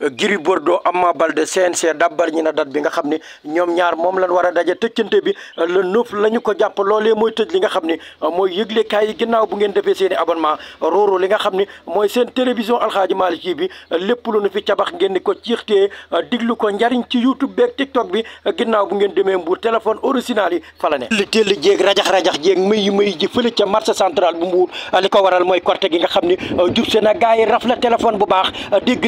Gris Bordeaux Ama Baldé CNC dàbbal ñi na date bi nga xam ni ñoom ñaar moom lañ war a daje tëjkante bi euh, le neuf la ñu ko jàpp loolee mooy tëj li nga xam ni euh, mooy yëglekaay yi ginnaaw bu ngeen defee seen i abonnement rooro li nga xam ni mooy seen télévision Alxaaji Maalik ci bi euh, lépp lu nu fi cabax ngeen ni ko ciixtee diglu ko njariñ ci YouTube beeg TikTok bi ginnaaw bu ngeen demee Mbuur téléphone original yi fa la ne li téll jéeg rajax-rajax jéeg may may ji fële ca marché central bu Mbuur li ko waral mooy korte gi nga xam ni jub se na gars yi raf la bu baax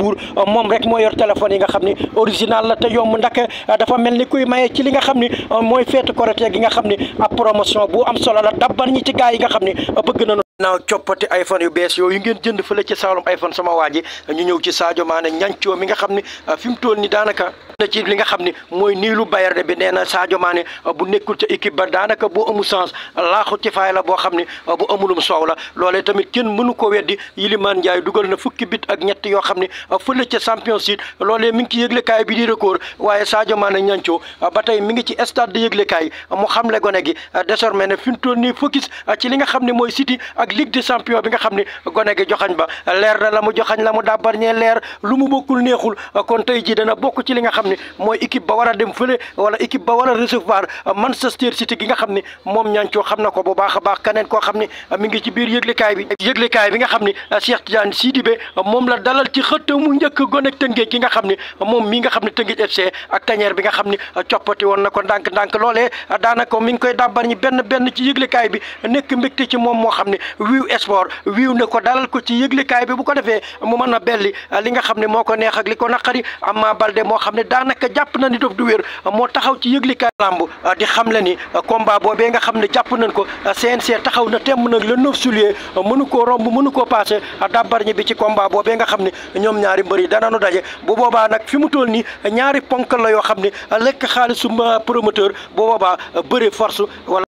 Mbour moom rek moo yor téléphone yi nga xam ni original la te yomb ndax euh, dafa mel ni kuy maye ci li nga xam ni euh, mooy feetu Korité gi nga xam ni ab promotion bu am solo la dabal ñi ci gaa yi nga xam ni euh, bëgg na nañu naaw coppati iPhone yu bees yooyu ngeen jënd fële ci Saalum iPhone sama waa a ñu ñëw ci Sadio Mané ñancoo mi nga xam ni fi mu toll ni daanaka na ci xam ne mooy nii lu Bayern bi nee na Sadio Mané uh, bu nekkul ca équipe ba daanaka boo amul sens laaxu ci faay la boo xam ne uh, bu amulum soow la loolee tamit kenn mënu ko weddi Iliman Ndiaye dugal na fukki bit ak ñett yoo xam ne uh, fële ca Champions League loolee mi ngi ci yëglekaay bi di record waaye Sadio Mané ñancoo ba tey mi ngi ci stade de yëglekaay mu xamle gone gi désormais ne fi mu toll nii focus ci li nga xam ne mooy City ak Ligue des Champions bi nga xam ne gone gi joxañ ba leer na la mu joxañ la mu dàbbar ñee leer lu mu bokkul neexul kon tey ji dana bokk ci li nga xam ne mooy équipe ba war dem fële wala équipe ba war a Manchester City gi nga xam ne moom ñaancoo xam na ko bu ba a baax koo xam ne mi ngi ci biir yëglekaay bi bi nga xam ne Cheikh Tidiane Sidibé moom la dalal ci xëtt mu njëkk gone Tëngéej gi nga xam ne moom mii nga xam ne Tëngéej FC ak tañeer bi nga xam ne coppati woon na ko ndànk-ndànk loolee daanaka mi ngi koy dàbbar ñi benn benn ci yëglekaay bi nekk mbégte ci moom moo xam ne wiiw sport wiiw ne ko dalal ko ci yëglekaay bi bu ko defee mu mën a belli li nga xam ne moo ko neex ak li ko naqari Ama Baldé ne daanaka jàpp na ni dof du wér moo taxaw ci yëglikaay làmb ah, di xam le ni ah, combat boobee nga xam ne jàpp nañ ko CNC ah, taxaw na temm nag le 9 juillet mënu koo romb mënu koo passé dàbbar ñi bi ci combat boobee nga xam ne ñoom ñaari mbër yi nu daje bu boobaa nag fi mu toll nii ñaari ponk la yoo xam ne lekk xaalisu promoteur bu boobaa bëre force wala